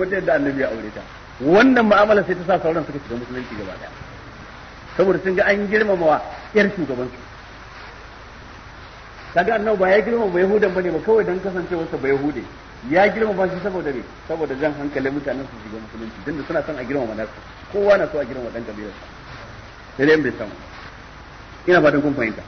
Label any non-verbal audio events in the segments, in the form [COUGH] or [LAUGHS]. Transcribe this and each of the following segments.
wata yadda annabi ya aure ta wannan ma'amala sai ta sa sauran suka shiga musulunci gaba daya saboda sun ga an girmamawa yar shugaban su kaga annabi ba ya girmama ba yahudan bane ba kawai dan kasancewar sa ba yahude ya girmama shi saboda me saboda jan hankalin mutanen su shiga musulunci dinda suna son a girmama nasu kowa na so a girmama dan kabilar sa sai dai bai samu ina fatan kun fahimta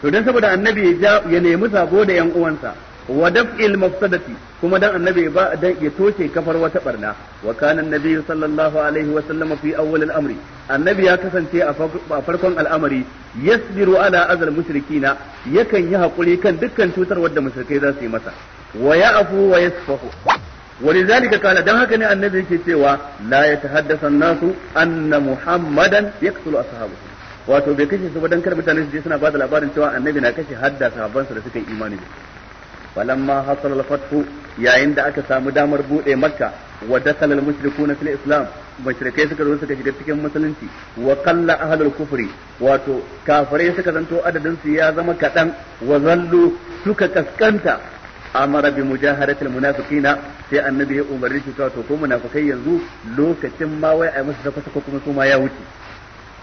to dan saboda annabi ya nemi sabo da yan uwansa wa daf'il mafsadati kuma dan annabi ba dan ya toshe kafar wata barna wa kana annabi sallallahu alaihi wa sallam fi awwal al annabi ya kasance a farkon al'amari yasbiru ala azal na yakan yi hakuri kan dukkan cutar wadda mushrikai za su yi masa wa ya'fu wa yasfahu ولذلك قال دان haka ne annabi yake cewa la yatahaddathu an-nasu anna muhammadan yaqtulu ashabahu wato bai kashe su ba dan kar mutane su suna ba da labarin cewa annabi na kashe hadda sahabbansa da suka yi imani falamma hasala al-fathu yayin da aka samu damar buɗe makka wa dakhala al-mushrikuna islam mushrikai suka zo suka shiga cikin musulunci wa qalla ahlul kufri wato kafirai suka zanto adadin su ya zama kaɗan. wa zallu suka kaskanta amara bi mujaharatil munafiqina sai annabi ya umarni shi to ko munafikai yanzu lokacin ma a ai musu sakwata ko kuma su ma ya wuce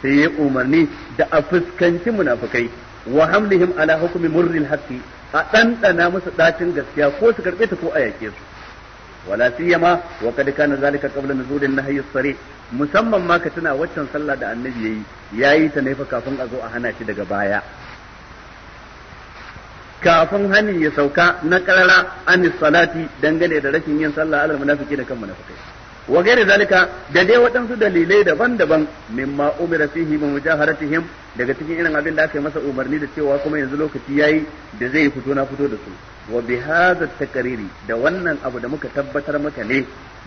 sai ya umarni da a fuskanci munafukai. wa hamlihim ala hukmi murril haqqi a ɗanɗana musu ɗacin gaskiya ko su karɓe ta ko a yaƙe su wala siyama wa kad kana zalika qabla nuzulin nahyi sare musamman ma ka tuna waccan sallah da annabi ya yi ta naifa kafin a zo a hana shi daga baya kafin hanin ya sauka na karara anis salati dangane da rashin yin sallah alal munafiki da kan munafikai wa gairi zalika da dai waɗansu dalilai daban-daban mimma umira fihi min mujaharatihim daga cikin irin abin da aka yi masa umarni da cewa kuma yanzu lokaci yayi da zai fito na fito da su wa bi hadha takariri da wannan abu da muka tabbatar maka ne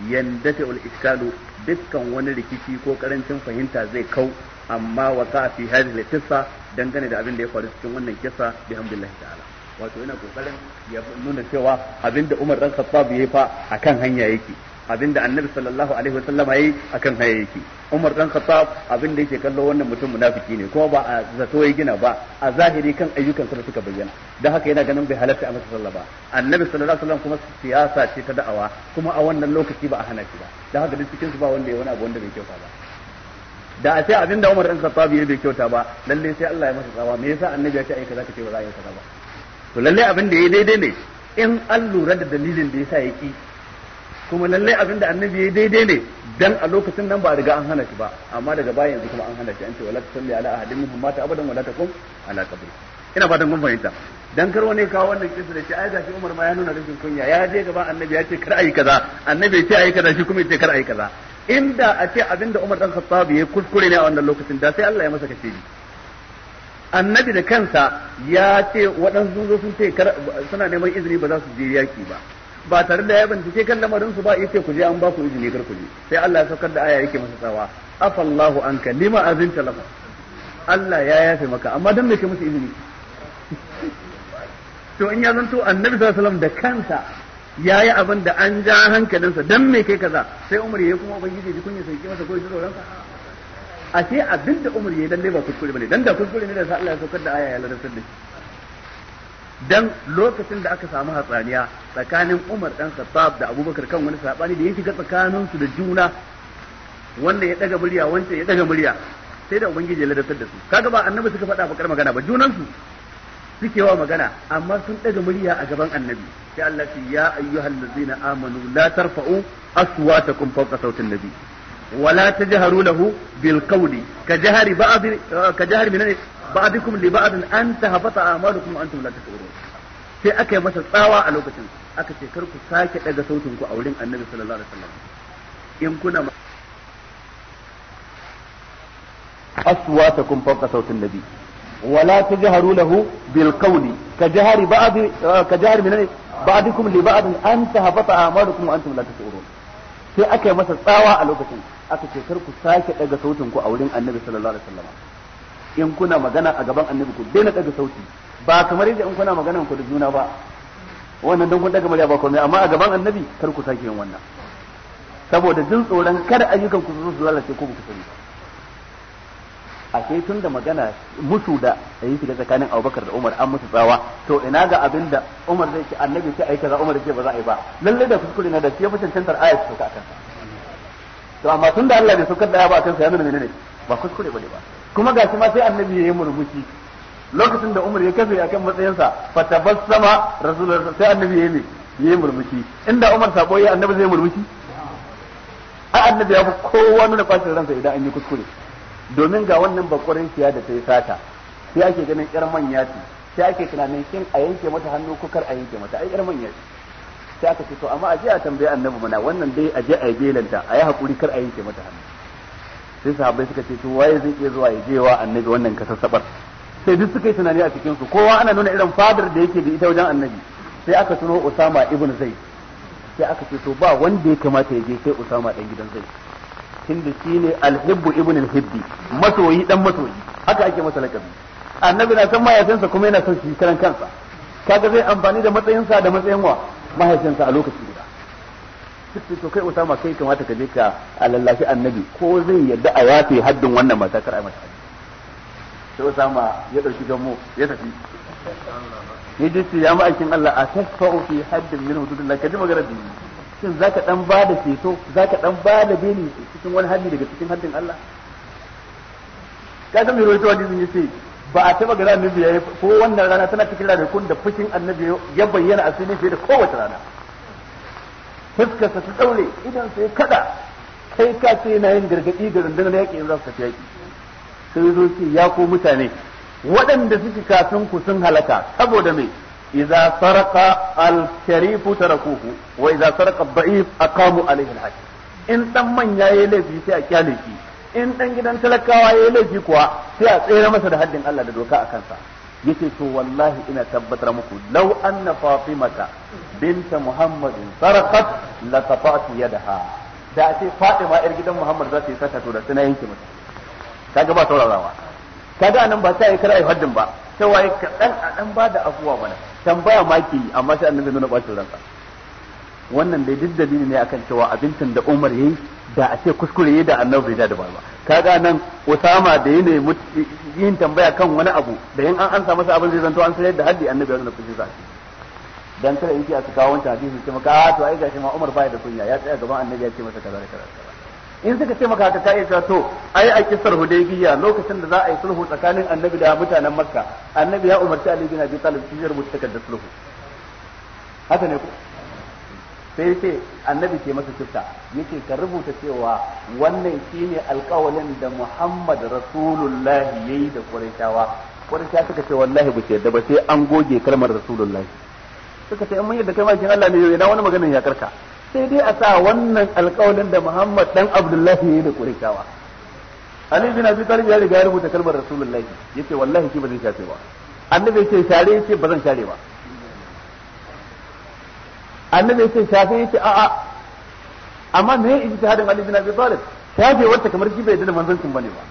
yanda ul iskalu dukkan wani rikici ko karancin fahimta zai kau amma wa ka fi hadhihi kissa dangane da abin da ya faru cikin wannan kissa hamdulillah ta'ala wato ina kokarin ya nuna cewa abin da Umar dan Khattab yayi fa akan hanya yake abinda annabi sallallahu alaihi wasallam yayi akan hayayyaki Umar dan Khattab abinda yake kallo wannan mutum munafiki ne kuma ba a zato yayi gina ba a zahiri kan ayyukan sa suka bayyana dan haka yana ganin bai halatta amsa sallallahu sallah ba annabi sallallahu alaihi wasallam kuma siyasa ce ta da'awa kuma a wannan lokaci ba a hana shi ba dan haka duk cikin su ba wanda ya wani abu wanda bai kyauta ba da a ce abinda Umar dan Khattab yayi bai kyauta ba lalle sai Allah ya masa tsawa me yasa annabi ya ce ai kaza ka ce ba za a yi ka ba to lalle abin da yayi daidai ne in an lura da dalilin da yasa yaki kuma lallai abin da annabi ya daidai ne dan a lokacin nan ba a riga an hana shi ba amma daga baya yanzu kuma an hana shi an ce wala tusalli ala ahadin minhum mata abadan wala takum ala qabri ina fatan kun fahimta dan kar wani kawo wannan kisa da shi ai gashi Umar ma ya nuna rashin kunya ya je gaba annabi ya ce kar ayi kaza annabi ya ce ayi kaza shi kuma ya ce kar ayi kaza inda a ce abin da Umar dan Khattab ya kuskure ne a wannan lokacin da sai Allah ya masa kace annabi da kansa ya ce waɗansu sun ce suna neman izini ba za su je yaki ba ba tare da ya bincike kan lamarin su ba yace ku je an ba ku izini kar ku je sai Allah ya saukar da aya yake masa tsawa afallahu anka lima azinta lahu Allah ya yafe maka amma dan me ke musu izini [LAUGHS] to in ya zanto annabi sallallahu alaihi wasallam da kansa yayi abin da an ja hankalinsa dan me kai kaza sai Umar yayi kuma ubangiji ji kunya sai ki masa ko ji ka a sai abin da Umar yayi dan dai ba kuskure bane dan da kuskure ne da sa Allah ya saukar da aya ya ladar da shi dan lokacin da aka samu hatsaniya tsakanin Umar dan Khattab da Abubakar kan wani sabani da ya shiga tsakanin su da juna wannan ya daga murya wancan ya daga murya sai da ubangiji ya ladabtar da su kaga ba annabi suka faɗa bakar magana ba junan su suke wa magana amma sun daga murya a gaban annabi sai Allah ya ayyuhal ladzina amanu la tarfa'u aswatakum fawqa sautin nabi ولا تجهروا له بالقول كجهر بعض كجهر من إيه؟ بعضكم لبعض ان تهبط اعمالكم وانتم لا تشعرون في اكل مسا تساوى على الوقت اكي تكرك ساكي اذا صوتك اولين النبي صلى الله عليه وسلم ان كنا اصواتكم فوق صوت النبي ولا تجهروا له بالقول كجهر بعض كجهر من إيه؟ بعضكم لبعض ان تهبط اعمالكم وانتم لا تشعرون في اكل مسا تساوى على الوقت aka ce kar ku sake daga sautin ku a wurin annabi sallallahu alaihi wasallam in kuna magana a gaban annabi ku daina daga sauti ba kamar yadda in kuna magana ku da juna ba wannan dan kun daga murya ba komai amma a gaban annabi kar ku sake yin wannan saboda jin tsoron kada ayyukan ku su lalace ko ku sani a sai tun da magana musu da a yi shiga tsakanin Abubakar da Umar an musu tsawa to ina ga abin da Umar zai ce annabi sai aika kaza Umar zai ce ba za a yi ba Lallai da kuskure na da shi ya fi cancantar ayat su ka kanta to amma tun da Allah bai saukar da ya ba kansa ya nuna menene ba kuskure bane ba kuma gashi ma sai annabi ya yi murmushi lokacin da Umar ya kafe akan matsayinsa tabassama rasulullahi sai annabi ya yi yayi murmushi inda Umar sabo ya annabi zai murmushi a annabi ya fi kowa nuna kwashin ransa idan an yi kuskure domin ga wannan bakwarin siya da ta yi sata sai ake ganin yar manya ce sai ake tunanin kin a yanke mata hannu ko kar a yanke mata ai yar manya ce sai aka ce to amma aje a tambaye annabi mana wannan dai aje a yi belanta a yi hakuri kar a yanke mata hannu sai sahabbai suka ce to waye zai iya zuwa ya je wa annabi wannan kasassabar sai duk suka yi tunani a cikin su kowa ana nuna irin fadar da yake da ita wajen annabi sai aka tuno Usama ibn Zaid sai aka ce to ba wanda ya kamata ya je sai Usama dan gidan Zaid tunda ne al-hibbu ibn al-hibbi masoyi dan masoyi haka ake masa lakabi annabi na san mayafinsa kuma yana son shi karan kansa kaga zai amfani da matsayinsa da matsayin wa mahaifinsa a lokaci guda suke to kai ma kai kamata ka je ka alallashi annabi ko zai yarda a yafe haddin wannan mata kar a mata sai ma ya dauki gammo ya tafi ya ji ya ma'aikin Allah a tasfa'u fi haddin min ka ji magana da ni shin zaka dan ba da ceto zaka dan ba da beni cikin wani haddi daga cikin haddin Allah ka ga mai rawaito hadisin yace ba a taba ga annabi yayi ko wannan rana tana cikin ranakun da fushin annabi ya bayyana a fiye da kowace rana fuskar sa ta daure idan sai kada kai ka ce yana yin gargadi da rundunar yaƙi in za su tafi yaƙi sai zo ce ya ko mutane waɗanda suke kafin ku sun halaka saboda me idza sarqa al-sharifu tarakuhu wa idza sarqa ad-da'if aqamu alayhi al-hajj in dan manya yayi laifi sai a kyale shi in ɗan gidan talakawa ya yi laifi kuwa sai a tsere masa da haddin Allah da doka a kansa yace to wallahi ina tabbatar muku law anna fatimata binta muhammadin sarqat la qata'tu yadaha da ce fatima yar gidan muhammad za ta yi sata to da suna yanke mata kaga ba saurarawa kaga anan ba sai a ai haddin ba sai waye kadan a dan ba da afuwa bana tambaya yi amma sai annabi nuna bacin ransa wannan dai duk dalili ne akan cewa abincin da Umar yayi da a ce kuskure yi da annabi bai da ba kaga nan usama da yi yin tambaya kan wani abu da yin an ansa masa abin zai zanto an sayar da haddi annabi ya zana fushin sa dan kada yake a su kawo wancan hadisi ce maka a ah, to ai gashi ma Umar bai da kunya ya tsaya gaban annabi ya ce masa kaza da kaza in suka ce maka haka ka iya to ai a kisar hudaybiya lokacin da za a yi sulhu tsakanin annabi da mutanen makka annabi ya umarci ali bin abi talib shi ya rubuta takardar sulhu haka ne ko sai ce annabi ke masa kifta yake ka rubuta cewa wannan shine alkawalin da Muhammad Rasulullahi yayi da Qurayshawa Qurayshawa suka ce wallahi ba ce da ba sai an goge kalmar Rasulullah suka ce in mun yadda kai makin Allah ne yau ina wani maganar ya karka sai dai a sa wannan alkawalin da Muhammad dan Abdullahi yayi da Qurayshawa Ali bin Abi Talib ya riga ya rubuta kalmar Rasulullah yace wallahi shi ba zai shafe ba annabi ya ce share yace ba zan share ba annabi yace shafe yace a'a amma me yake ijtihadin Ali bin Abi Talib shafi wata kamar shi bai da manzancin bane ba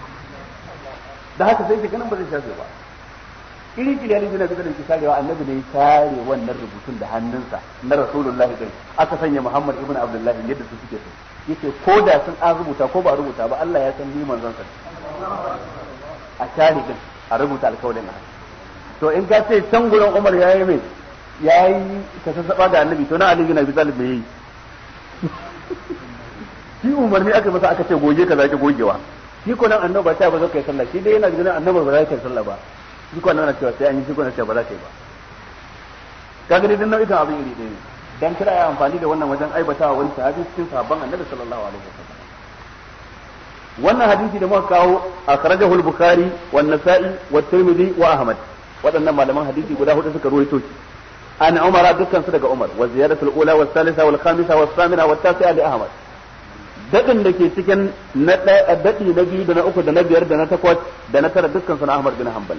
da haka sai ke ganin ba zai shafe ba iri kiri Ali bin Abi Talib ke sarewa annabi ne ya sare wannan rubutun da hannunsa na Rasulullah din aka sanya Muhammad ibn Abdullah yadda su suke yake yace ko da sun an rubuta ko ba rubuta ba Allah ya san ni sa a tarihin a rubuta alƙawarin to in ka ce can gurin Umar yayi mai ya yi ka sassaɓa da annabi to na Ali bin Abi Talib me yi shi umarni aka masa aka ce goge ka zaki gogewa shi ko nan annabi ba ta ba zaka yi sallah shi dai yana ganin annabi ba za ka yi sallah ba shi ko nan cewa sai an yi shi ko nan cewa ba za ka yi ba kaga dai dan ita abin iri ɗaya ne dan kira ya amfani da wannan wajen aibatawa wani sahabi cikin sahabban annabi sallallahu alaihi wasallam wannan hadisi da muka kawo a al-bukhari wan nasa'i wat tirmidhi wa ahmad waɗannan malaman hadisi guda hudu suka ruwaito shi an umara dukkan daga umar wa ziyaratul ula was wal khamisa samina wat tasi'a li ahmad dadin da ke cikin na dadi na biyu da na uku da na biyar da na takwas da na tara dukkan su na ahmad bin hanbal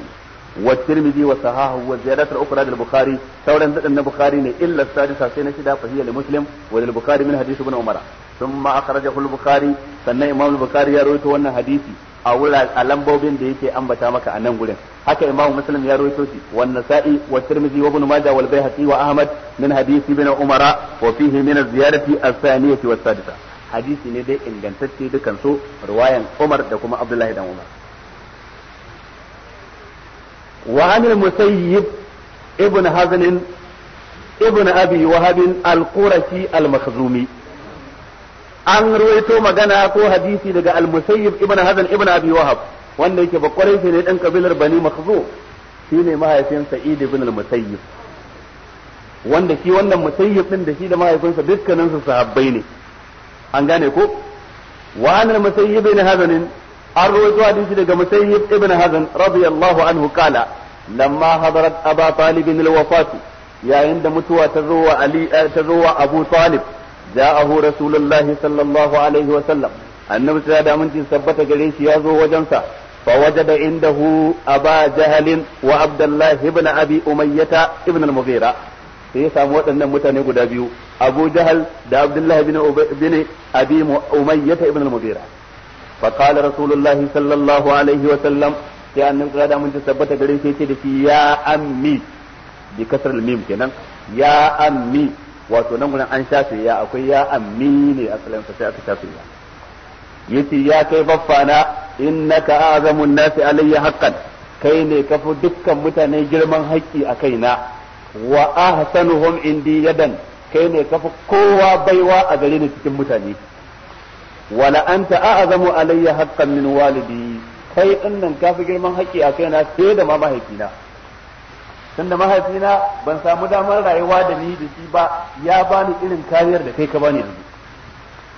wa tirmidhi wa sahahu wa ziyaratul ukhra lil bukhari sauran dadin na bukhari ne illa sadisa sai na shida fa hiya li muslim wa lil bukhari min hadith ibn umara thumma akhrajahu al-bukhari sannan imam al-bukhari ya rawaito wannan hadisi a a lambobin da yake ambata maka a nan gurin haka imam muslim ya rawaito shi wanne sa'i wa tirmidhi wa ibn majah wal baihaqi wa ahmad min hadisi ibn umara wa fihi a az ya as-saniyati was-sadisa hadisi ne dai ingantacce dukan su riwayan umar da kuma abdullahi dan umar wa anil musayyib ibn hazn ibn abi wahab al-qurashi al-makhzumi an ruwaito magana ko hadisi daga al-musayyib ibn hazan ibn abi wahab wanda yake bakwarai ne dan kabilar bani makhzu shine mahaifin sa'id ibn al-musayyib wanda shi wannan musayyib din da shi da mahaifinsa dukkanin su sahabbai ne an gane ko wa anil musayyib ibn hazan an ruwaito hadisi daga musayyib ibn hazan radiyallahu anhu kala lamma hadarat aba talib al-wafat yayin da mutuwa ta zo wa ali ta zo wa abu talib ja'ahu rasulullahi sallallahu da ya zo wajensa fa wajada indahu aba jahalin wa abdullah ibn waɗannan mutane guda biyu abu jahal da abdullah ibn ibn abi umayyah da aminci kenan ya wato nan gudan an shafe ya akwai ya ammi ne a sa sai aka shafe ya yace ya kai baffana innaka azamun nasi alayya haqqan kai ne ka fi dukkan mutane girman haƙƙi a kaina wa ahsanuhum indi yadan kai ne ka fi kowa baiwa a gare ni cikin mutane wala anta a'zamu alayya haqqan min walidi kai annan nan ka fi girman haƙƙi a kaina sai da ma mahaifina tunda mahaifina ban samu damar rayuwa da ni da shi ba ya bani irin kariyar da kai ka bani yanzu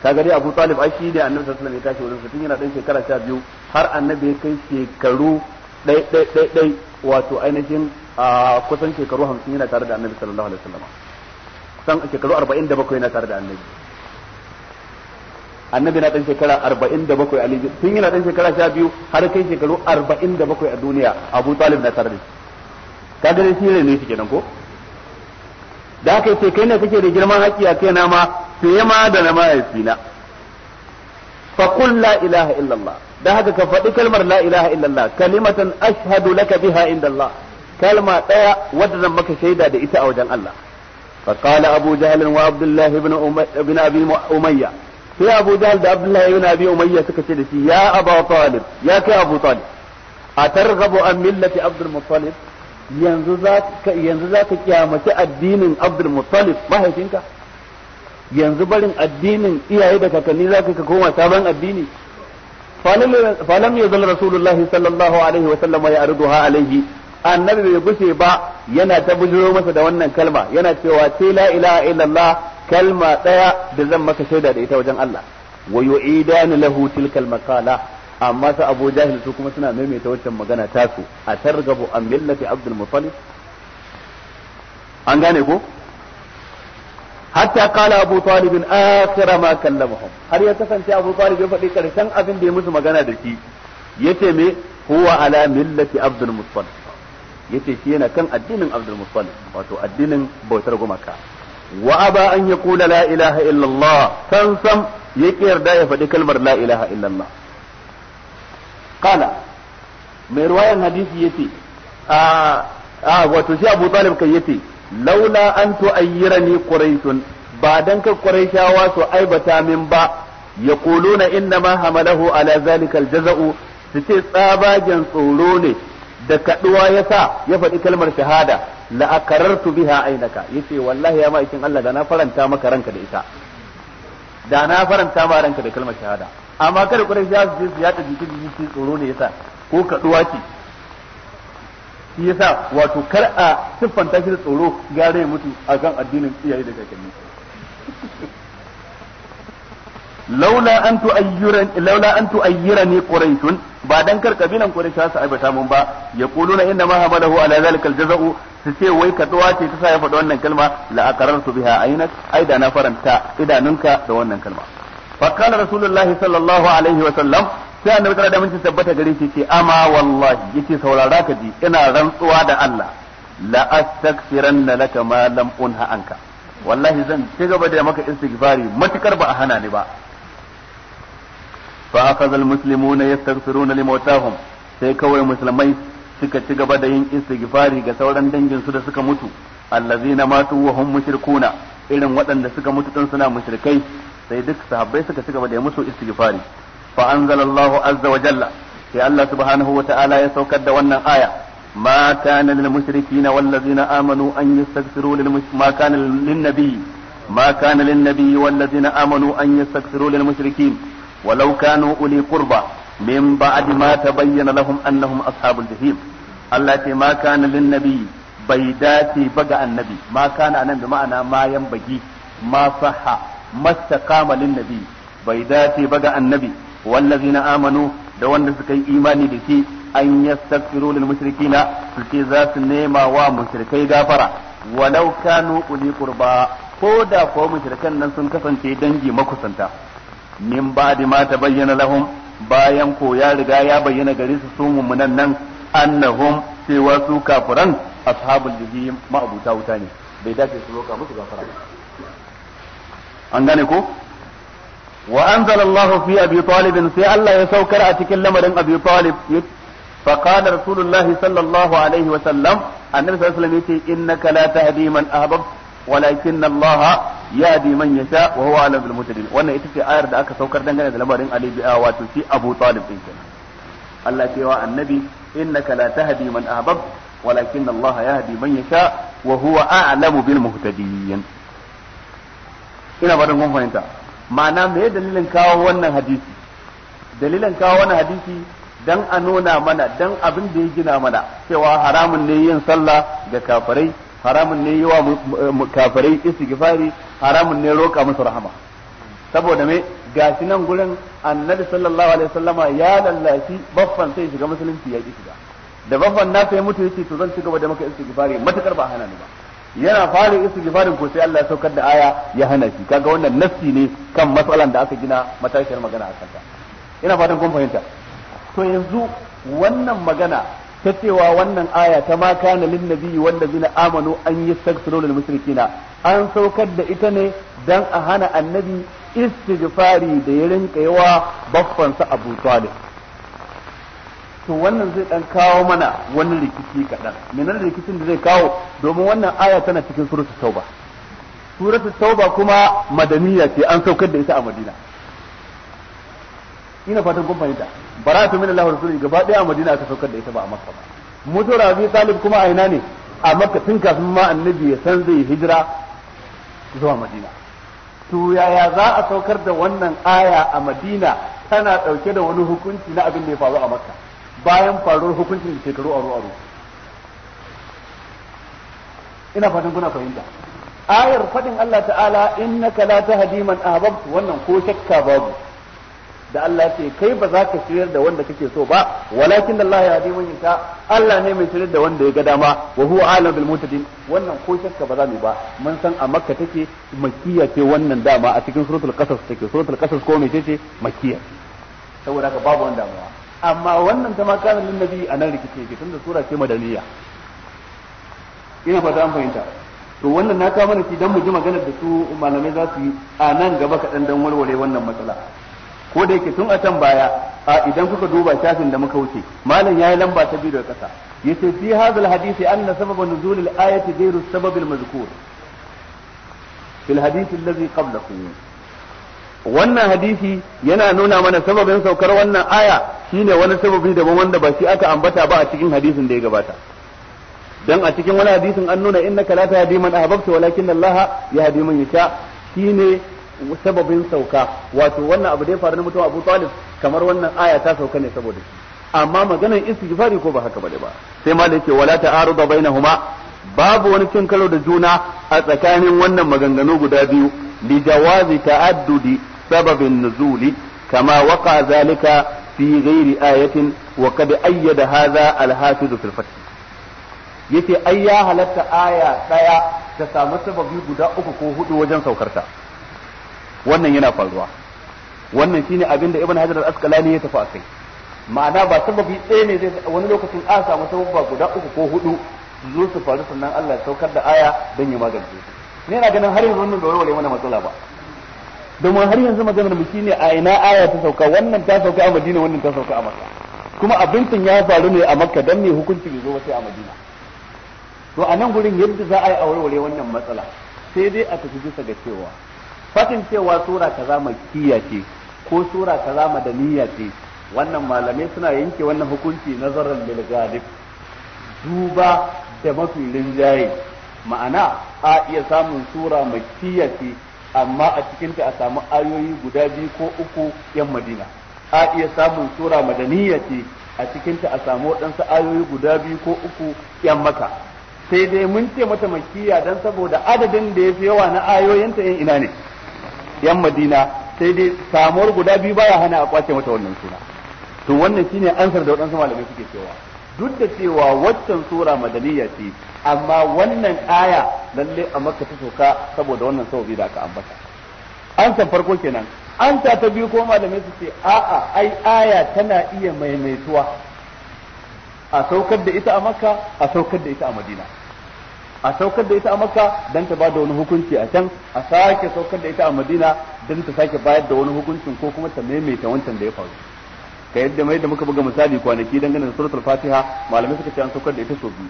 ka gari Abu Talib ai ne Annabi sallallahu alaihi wasallam ya tashi wurin tun yana dan shekara 12 har Annabi ya kai shekaru dai dai dai dai wato ainihin a kusan shekaru 50 yana tare da Annabi sallallahu alaihi wasallam kusan shekaru 47 yana tare da Annabi annabi na dan shekara 47 ali tun yana dan shekara 12 har kai shekaru 47 a duniya abu talib na tare da shi ka ga shi ne shi kenan ko da aka ce kai ne kake da girman haƙƙi a kaina ma fiye ma da na mahaifina fa qul la ilaha illallah da haka ka faɗi kalmar la ilaha illallah kalimatan ashhadu laka biha inda kalma ɗaya wadda zan maka shaida da ita a wajen Allah فقال أبو جهل وعبد الله بن بن أبي أمية في أبو جهل عبد الله بن أبي أمية سكت يا أبا طالب يا كأبو طالب أترغب عن ملة عبد المطلب yanzu za ka yanzu za ka kiyamaci addinin Abdul Muttalib mahaifinka yanzu barin addinin iyaye da kakanni za ka koma sabon addini falam ya zal rasulullahi sallallahu alaihi wa sallam ya arduha alaihi annabi bai gushe ba yana ta bujiro masa da wannan kalma yana cewa sai la ilaha illallah kalma daya da zan maka shaida da ita wajen Allah wa yu'idani lahu tilkal makala. amma su Abu Jahil su kuma suna maimaita waccan magana ta su a targabu an millati Abdul Muttalib an gane ko hatta kala Abu Talib akhira ma kallamhum har ya kasance Abu Talib ya faɗi karshen abin da ya musu magana da shi yace me huwa ala millati Abdul Muttalib yace shi yana kan addinin Abdul Muttalib wato addinin bautar gumaka wa aba an yaqula la ilaha illallah san sam yake yarda ya faɗi kalmar la ilaha illallah qala mai ruwayan hadisi yace a a wato shi Abu Talib kai yace laula an tu'ayyirani quraishun ba dan ka quraishawa su aibata min ba yaquluna inna ma hamalahu ala zalika aljaza'u su ce tsabagen tsoro ne da kaduwa yasa ya faɗi kalmar shahada la akarartu biha ainaka yace wallahi ya ma'aikin Allah da na faranta maka ranka da ita da na faranta maka ranka da kalmar shahada amma kada ƙwarai ya su je su yaɗa jiki jiki tsoro ne yasa ko kaɗuwa ce shi yasa wato kar a siffanta shi da tsoro gare ya mutu akan addinin iyaye da kakanni laula an tu'ayyiran laula an quraishun ba dan kar kabilan quraish su aibata mun ba yaquluna inna ma hamalahu ala zalikal aljaza'u su ce wai kaduwa ce ta sa ya faɗi wannan kalma la a biha ai aida na faranta idanunka da wannan kalma Fakkara kana rasulullahi sallallahu alaihi wa sallam sai annabi tare da mun tabbata gare shi ce ama wallahi yace saurara ka ji ina rantsuwa da Allah la astaghfiranna laka ma lam unha anka wallahi zan ci gaba da maka istighfari matukar ba a hana ni ba fa akhadha almuslimuna yastaghfiruna limawtahum sai kawai musulmai suka ci gaba da yin istighfari ga sauran dangin su da suka mutu allazina matu wa hum mushrikuna irin waɗanda suka mutu tun suna mushrikai sai duk sahabbai suka ci gaba da musu istighfari fa anzalallahu azza wa jalla sai Allah subhanahu wa ta'ala ya saukar da wannan aya ma kana mushrikina wal ladzina amanu an yastaghfiru lil ma kana lin nabi ma kana lin nabi wal ladzina amanu an yastaghfiru lil mushrikin walau kanu uli qurba min ba'di ma tabayyana lahum annahum ashabul jahim Allah ce ma kana lin bai dace ba ga annabi ma kana nan bi ma'ana ma yan bagi ma saha mastaqama lin nabi bai dace ba ga annabi wallazina amanu da wanda suka yi imani da shi an yastaghfiru lil mushrikina su ce za su nema wa mushrikai gafara walau kanu uli qurba ko da ko mushrikan nan sun kasance dangi makusanta min ba'di ma tabayyana lahum bayan ko ya riga ya bayyana gare su su mummunan nan annahum cewa su kafiran ashabul ma'abuta wuta ne bai dace su roka musu gafara an gane ko wa anzala Allah fi abi talib sai Allah ya saukar a cikin lamarin abi talib fa qala rasulullahi sallallahu alaihi wa sallam annabi sallallahu alaihi yace innaka la tahdi man ahbabta ولكن الله يهدي wannan ita ce ayar da aka saukar dangane da lamarin Ali wato shi Abu Talib din kenan Allah ya wa annabi innaka la tahdi man ahbab walakin Allah yahdi man yasha wa huwa a'lamu bil muhtadin ina ba don fahimta ma'ana me dalilin kawo wannan hadisi dalilin kawo wannan hadisi dan a nuna mana dan abin da ya gina mana cewa haramun ne yin sallah ga kafirai haramun ne yi wa kafirai istighfari haramun ne roka musu rahama saboda me gashi nan gurin annabi sallallahu alaihi wasallama ya lallashi baffan sai shiga musulunci ya ki shiga da baffan na sai mutu yace to zan ci gaba da maka istighfari matakar ba hana ni ba yana fara istighfarin ko sai Allah ya saukar da aya ya hana shi kaga wannan nafsi ne kan matsalan da aka gina matashiyar magana a kanta ina fatan kun fahimta to yanzu wannan magana ta cewa wannan aya ta ma kana lin nabiyyi wanda zina amanu an yi lil musrikina an saukar da ita ne dan a hana annabi istighfari da ya rinka yawa baffansa Abu Talib to wannan zai dan kawo mana wani rikici kaɗan menene rikicin da zai kawo domin wannan aya tana cikin suratul tauba suratul tauba kuma madaniya ce an saukar da ita a madina ina fatan kun fahimta baratu min Allah rasulullahi gaba daya a madina aka saukar da ita ba a makka ba mutuwar abi talib kuma a ina ne a makka tun kafin ma annabi ya san zai hijira zuwa madina to yaya za a saukar da wannan aya a Madina tana ɗauke da wani hukunci na abin da ya faru a Makka bayan faruwar hukuncin da shekaru aro aro ina fatan kuna fahimta ayar fadin Allah ta'ala innaka la tahdi man ahbabta wannan ko shakka babu da Allah ce kai ba za ka shirya da wanda kake so ba walakin Allah ya yi mun yasha Allah ne mai shirya da wanda ya ga dama wa huwa alim bil mutadin wannan ko shakka ba za mu ba mun san a makka take makkiya ce wannan dama a cikin suratul qasas take suratul qasas ko me ce makkiya saboda haka babu wanda damuwa amma wannan ta makanin nan nabi a nan rikice ke tunda sura ce madaniya ina fata an fahimta to wannan na ta mana ki dan mu ji maganar da su malamai za su yi a nan gaba kaɗan dan warware wannan matsala ko da yake tun a can baya a idan kuka duba shafin da muka wuce malam yayi lamba ta biyu da kasa yace fi hadal hadisi anna sababa nuzul ayati ghayru sabab al mazkur fi al alladhi qablahu wannan hadisi yana nuna mana sababin saukar wannan aya shine wani sababi daban wanda ba shi aka ambata ba a cikin hadisin da ya gabata dan a cikin wani hadisin an nuna innaka la tahdi man ahbabta walakin Allah yahdi man yasha shine sababin sauka wato wannan abu da ya faru na mutum Abu Talib kamar wannan aya ta sauka ne saboda shi amma maganar istighfari ko ba haka bane ba sai ma da yake wala ta'arudu bainahuma babu wani cin karo da juna a tsakanin wannan maganganu guda biyu li jawazi ta'addudi sababin nuzuli kama waqa zalika fi ghairi ayatin wa kad ayyada hadha al-hafiz fil yace ai ya halatta aya daya ta samu sababi guda uku ko hudu wajen saukarta wannan yana faruwa wannan shine abin da ibn hajar al-asqalani ya tafi akai ma'ana ba sababi ɗaya ne zai wani lokacin a samu sababa guda uku ko hudu zo su faru sannan Allah ya saukar da aya don ya magance su ne ina ganin har yanzu wannan bai warware mana matsala ba domin har yanzu maganar mu shine a ina aya ta sauka wannan ta sauka a Madina wannan ta sauka a Makka kuma abincin ya faru ne a Makka dan ne hukunci bai zo sai a Madina to a nan gurin yadda za a yi a warware wannan matsala sai dai a tafi bisa ga cewa fatin cewa sura kaza makkiya ce ko sura kaza madaniya ce wannan malamai suna yanke wannan hukunci nazarin lil ghalib duba da mafi zayi ma'ana a iya samun sura makkiya ce amma a cikin ta a samu ayoyi guda biyu ko uku yan madina a iya samun sura madaniya ce a cikin ta a samu waɗansu ayoyi guda biyu ko uku yan maka sai dai mun ce mata makiya don saboda adadin da ya fi yawa na ayoyinta yin ina ne yan madina sai dai samuwar guda biyu baya hana a kwace mata wannan suna to wannan shine ansar da waɗansu malamai suke cewa duk da cewa waccan sura madaniya ce amma wannan aya lalle a makka ta soka saboda wannan sababi da aka ambata ansar farko kenan ansa ta ta biyu ko malamai su ce a'a ai aya tana iya maimaituwa a saukar da ita a makka a saukar da ita a madina a saukar da ita a makka dan ta bada wani hukunci a can a sake saukar da ita a madina dan ta sake bayar da wani hukuncin ko kuma ta maimaita wancan da ya faru ka yadda mai da muka buga misali kwanaki dangane ganin suratul fatiha malamai suka ce an saukar da ita so biyu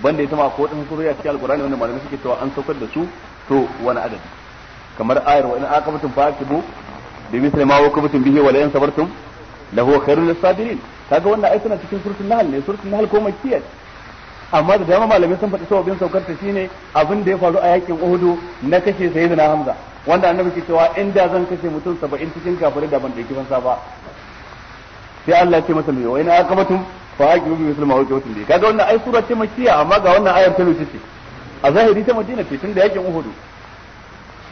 banda ita ma ko wadansu suriya a cikin alqur'ani wanda malamai suke cewa an saukar da su to wani adadi kamar ayar wa in aqabtum fa'aqibu bi misli ma waqabtum bihi wa la in sabartum lahu khairul sabirin kaga wannan ayatuna cikin suratul nahl ne suratul nahl ko makkiyah amma da dama malamai sun faɗi sababin saukar ta shine abin da ya faru a yakin uhudu na kashe sayyidina Hamza wanda annabi ke cewa inda zan kashe mutum 70 cikin kafirai da ban dauki fansa ba sai Allah ya ce masa mai wani akamatum fa aqibu bi muslima wa qawtin bi kaga wannan ai sura ce makkiya amma ga wannan ayar ta lutu ce a zahiri ta Madina ce tun da yakin uhudu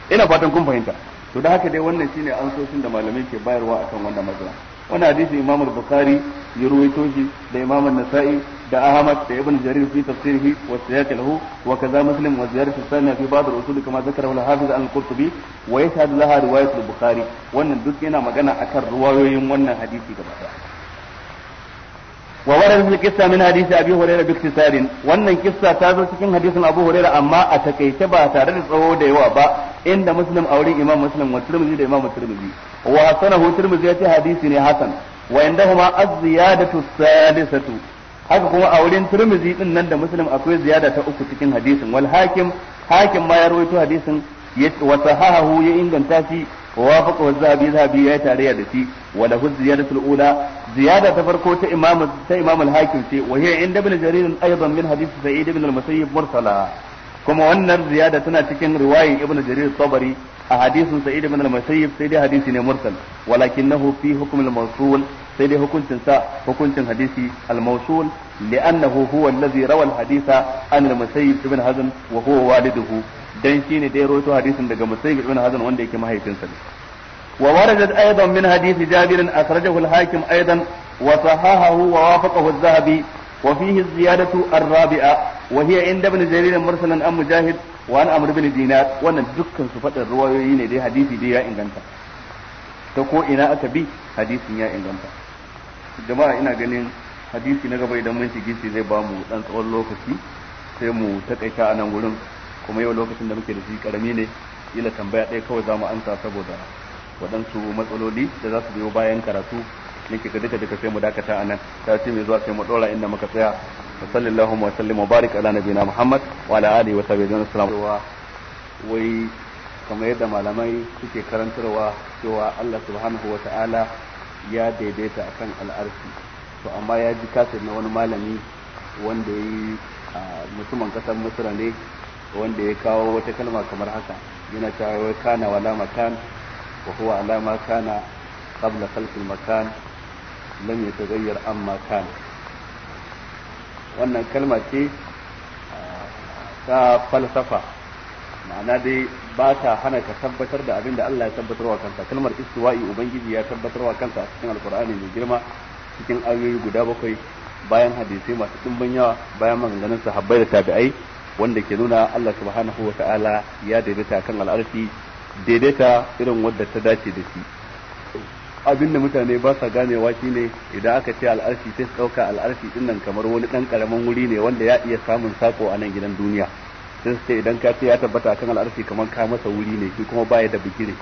ina fatan kun fahimta to da haka dai wannan shine ansoshin da malamai ke bayarwa akan wannan matsala wannan hadisi imam al-bukhari ya ruwaito da imam an-nasa'i da ahmad da ibn jarir fi tafsirihi wa siyaq lahu wa kaza muslim wa ziyaratu sani fi ba'd al-usul kama zakara al-hafiz al-qurtubi wa yashhad laha riwayat al wannan duk yana magana akan riwayoyin wannan hadisi gaba daya wa warad fil min hadisi abi hurairah bi iktisarin wannan kissa ta zo cikin hadisin abu hurairah amma a takaice ba tare da tsawo da yawa ba inda muslim a wurin imam muslim wa tirmidhi da imam tirmidhi wa sanahu tirmidhi yati hadisi ne hasan wa indahuma az-ziyadatu as-salisatu haka kuma a wurin tirmidhi din nan da muslim akwai ziyara ta uku cikin hadisin wal hakim hakim ma ya rawaito hadisin ya inganta shi wa faqa wa zabi zabi ya tarayya da shi wa lahu ziyadatu al-ula ta farko ta imam ta hakim ce wa hiya inda ibn jarir aidan hadisi sa'id ibn al-musayyib mursala kuma wannan ziyada tana cikin riwayin ibnu jarir sabari a hadisin sa'id ibn al-musayyib sai dai hadisi ne mursal walakinahu fi hukm al-mawsul sai dai hukuncin sa hukuncin hadisi al-mawsul li'annahu huwa allazi rawa al-haditha an al-musayyib ibn hazm wa huwa waliduhu dan shine da ya rawaito hadisin daga musayyib ibn hazm wanda yake mahaifinsa ne ووردت أيضا من حديث جابر أخرجه الحاكم أيضا وصححه ووافقه الذهبي وفيه الزيادة الرابعة وهي عند ابن جرير مرسلا عن مجاهد وعن عمرو بن دينار وان دكان سفد الروايين دي حديثي دي يا انغانتا تكو انا اكبي حديثي يا انغانتا جماعة ina ganin hadisi na gaba idan mun shige shi zai ba mu dan tsawon lokaci sai mu takaita a nan gurin kuma yau lokacin da muke da shi karami ne ila tambaya ɗaya kawai za mu ansa saboda waɗansu matsaloli da za su biyo bayan karatu nake ga duka duka sai mu dakata anan ce mai zuwa sai mu dora inda muka tsaya wa sallallahu wa sallim wa barik ala nabiyina muhammad wa ala alihi wa sahbihi wa wai kamar yadda malamai suke karantarwa cewa Allah subhanahu wa ta'ala ya daidaita akan al'arfi to amma ya ji kasir na wani malami wanda ya yi mutumin kasar misra ne wanda ya kawo wata kalma kamar haka yana cewa kana wala makan wa huwa alama kana qabla khalqil makan lam tagayyar amma kana wannan kalma ce ah, ta falsafa ma'ana dai ba ta hana ka tabbatar da abin da Allah ya tabbatar wa kansa kalmar istiwa'i ubangiji ya tabbatar wa kansa a cikin alkur'ani mai girma cikin ayoyi guda bakwai bayan hadisai masu dimbin yawa bayan maganganun sahabbai da tabi'ai wanda ke nuna Allah subhanahu wa ta'ala ya daidaita kan al'arfi daidaita irin wadda ta dace da shi abinda mutane ba sa ganewa shine idan aka ce al'arshi sai su dauka al'arshi din nan kamar wani dan karamin wuri ne wanda ya iya samun sako a nan gidan duniya sai su ce idan ka ce ya tabbata kan al'arshi kamar ka masa wuri ne shi kuma baya da bigire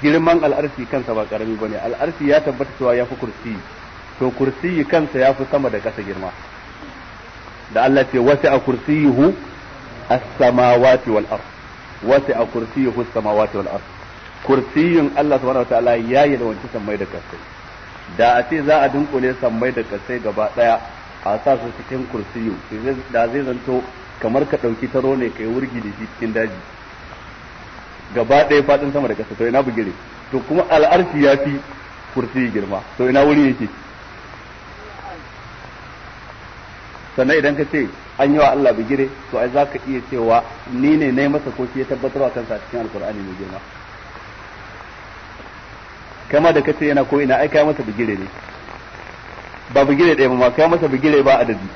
girman al'arshi kansa ba karami bane al'arshi ya tabbata cewa ya fi kursi to kursi kansa ya fi sama da kasa girma da Allah ce wasi a kursiyuhu as-samawati wal ard wasi a kursiyuhu as-samawati wal ard kursiyun Allah subhanahu wataala ya yi da wancan sammai da kasai da a ce za a dunkule sammai da kasai gaba daya a sa su cikin kursiyu da zai zanto kamar ka dauki taro ne kai wurgi da shi cikin daji gaba daya fadin sama da kasai to ina bugire to kuma al'arshi ya fi kursiyi girma to ina wuri yake sannan idan ka ce an yi wa Allah bigire to ai za ka iya cewa ni ne na masa ko shi ya tabbatarwa kansa cikin alkur'ani mai girma kama da kace yana ko ina ai kai masa bigire ne ba bigire ɗaya ma kai masa bigire ba adadi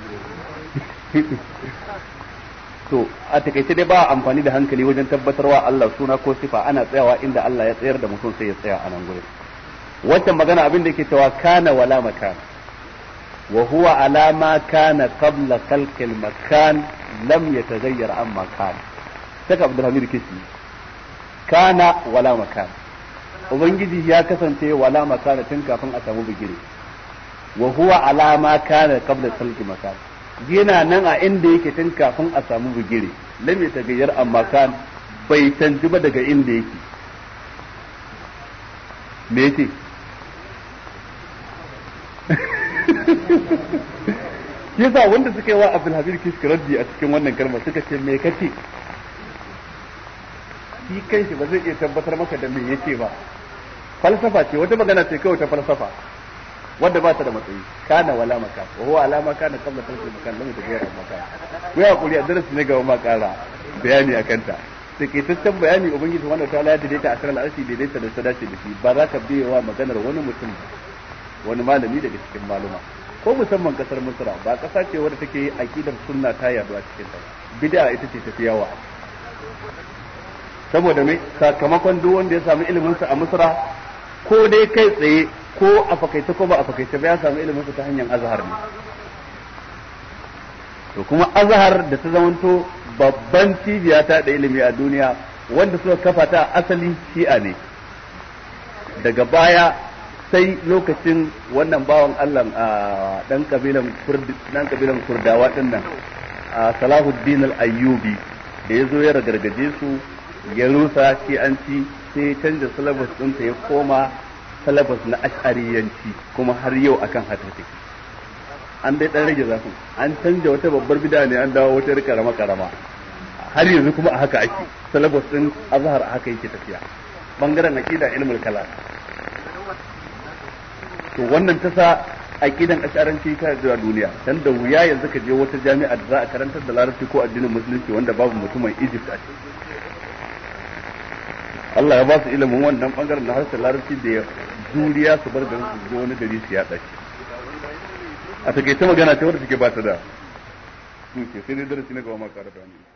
[LAUGHS] to a takaice dai ba amfani da hankali wajen tabbatarwa Allah suna ko sifa ana tsayawa inda Allah ya tsayar da mutum sai ya tsaya a nan gurin waccan magana abin da yake cewa kana wala makan wa huwa ala ma kana qabla khalqil makan lam yataghayyar amma kana saka Abdulhamid Kisi kana wala makan ubangiji ya kasance wala makana tun kafin a samu bigire wa huwa ala ma kana qabla salki makan yana nan a inda yake tun kafin a samu bigire lam yatagayyar amma kan bai canji ba daga inda yake me yake [LAUGHS] yasa wanda suka yi wa Abdul Habib Kishkiraddi a cikin wannan kalmar suka ce me kace shi kanshi ba zai iya tabbatar maka da me yake ba falsafa ce wata magana ce kawai ta falsafa wanda ba ta da matsayi kana wala maka wa huwa alama kana qabla maka lamu da yataghayyaru maka ku ya kuri a darasi ne ga ma kara bayani akan ta takaitaccen bayani ubangiji wanda ta laya daidaita a karar arshi daidaita da sadace da shi ba za ka biyewa maganar wani mutum wani malami daga cikin maluma ko musamman kasar misra ba kasa ce wadda take akidar sunna ta a cikin ta bid'a ita ce ta fi yawa. saboda mai sakamakon duk wanda ya samu ilimin sa a Misra ko dai kai tsaye ko a fakaita ko ba a fakaice ba ya samu ilimin sa ta hanyar azhar ne to kuma azhar da ta zamanto babban cibiya ta da ilimi a duniya wanda suka kafa ta asali shi'a ne daga baya sai lokacin wannan bawan Allah a dan kabilan dan kabilan kurdawa din a Salahuddin al-Ayyubi da ya zo ya ragargaje su ya rusa shi an ci sai canza salabas ɗinsa ya koma salabas na ash'ariyanci kuma har yau akan hata take an dai ɗan rage zafin an canza wata babbar bida ne an dawo wata karama karama har yanzu kuma a haka ake syllabus ɗin azhar a haka yake tafiya bangaren aqida ilmul kalam to wannan tasa aqidan asharanci ta zuwa duniya dan da wuya yanzu ka je wata jami'a da za a karantar da larabci ko addinin musulunci wanda babu mutumin Egypt a ciki Allah ya ba su ilimin wannan bangaren na harshen larabci da ya juriya su bar garin su zo wani gari su yaɗa shi a ta magana ce wadda take ba ta da tushe sai dai darasi na gaba ma ƙara bayani